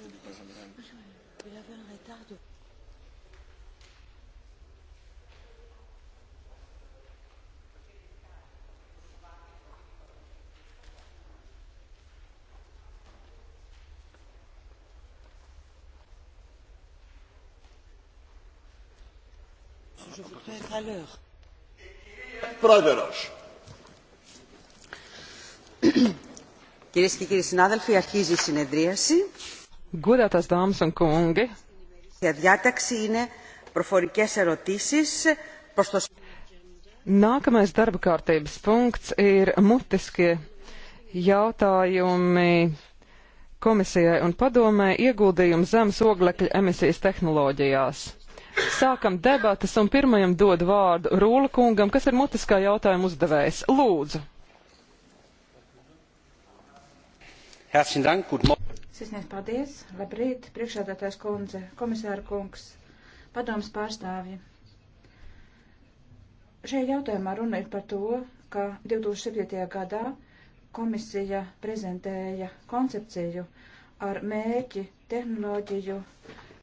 je vous dis pas ça madame. Il avait un retard de... Je voudrais être à l'heure. Πρόεδρος. Κυρίες και κύριοι συνάδελφοι, αρχίζει η συνεδρίαση. Godātās dāmas un kungi! Nākamais darba kārtības punkts ir mutiskie jautājumi komisijai un padomē ieguldījumu zemes oglekļa emisijas tehnoloģijās. Sākam debatas un pirmajam dod vārdu Rūla kungam, kas ir mutiskā jautājuma uzdevējs. Lūdzu! Herzlichen Dank, guten Morgen. Sisnieks, paldies! Labrīt, priekšādātājs kundze, komisāra kungs, padomas pārstāvji. Šajā jautājumā runa ir par to, ka 2007. gadā komisija prezentēja koncepciju ar mērķi tehnoloģiju